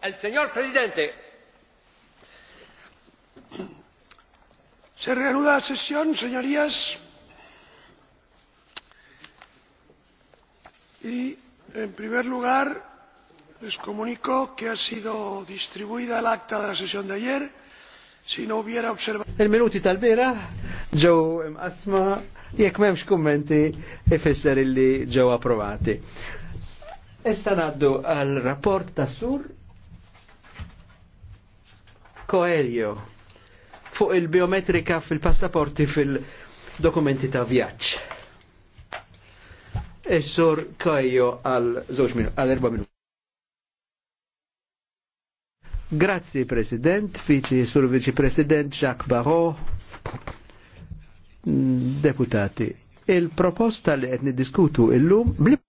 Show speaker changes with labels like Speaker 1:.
Speaker 1: El señor presidente. Se reanuda la sesión, señorías. Y, en primer lugar, les comunico que ha sido distribuida el acta de la sesión de ayer.
Speaker 2: Si no hubiera observado. Il-minuti tal-bera ġew imqasma jekk m'hemmx kummenti ifisser illi yo approvati. Issa ngħaddu għal rapport tasur, Coelho fuq il-biometrika fil-passaporti fil-dokumenti ta' vjaġġ. Is-sur Coelho għal żewġ għal erba' minuti. Grazzi President, Vici Sur Vici President Jacques Barrault, mm, deputati. Il-proposta li qed niddiskutu illum